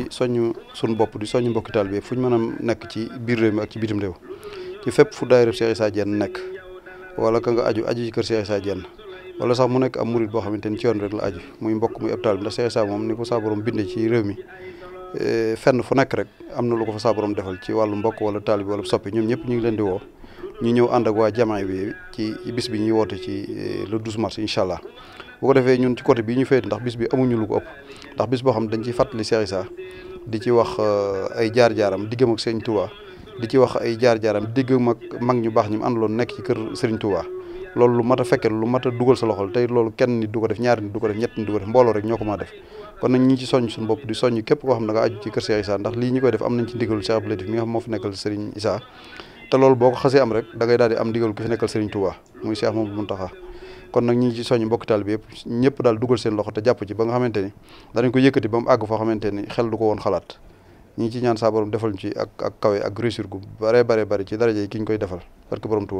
di soññ suñu bopp di soññ mbokki taalibe bi fu ñu man a nekk ci biir réew mi ak ci bitim réew ci fépp fu daayira Cheikh Issa Diène nekk wala ka nga aju aju ci kër Cheikh Issa Diène wala sax mu nekk am murit boo xamante ni ci yoon rek la aju muy mbokk muy ab taalibe ndax Cheikh Issa moom ni ko saa borom bindee ci réew mi eh, fenn fu nekk rek am na lu ko fa saa borom defal ci wàllu mbokk wala taalibe wala soppi ñoom ñëpp ñu ngi leen di woo ñu ñëw ànd ak waa jamaay bi ci bis bi ñuy woote ci eh, le 12 mars incha allah ko defee ñun ci côté bii ñu féete ndax bis bi amuñu lu ko ëpp ndax bis boo xam dañ ci fàttali Cheikh Issa di ci wax eh, ay jaar-jaaram diggam ak di ci wax ay jaar-jaaram diggam ak mag ñu baax ñi mu àndaloon nekk ci kër Serigne Touba loolu lu mat a a dugal sa loxol tey kenn nit du ko def ñaari nit du ko def ñett a def kon nag ñi koo xam ne aju ci kër Cheikh ndax li ñi koy def am nañ ci ndigalul Cheikh Abdou Latif mi nga xam moo nekkal Serigne Issa te loolu boo ko xasee am rek da ngay daal di am ndigal ku fi nekkal Serigne Touba muy Cheikh Mamadou Mountakha kon nag ñu ci soññ mbokki taal bi yëpp ñëpp daal dugal seen loxo te jàpp ci ba nga xamante ni danañ ko yëkkati ba mu àgg foo xamante ni xel du ko woon xalaat ñi ci ñaan saa defal ci ak ak kawe ak réussir gu bare bare bare ci daraja yi ki ñu koy defal parce que borom Touba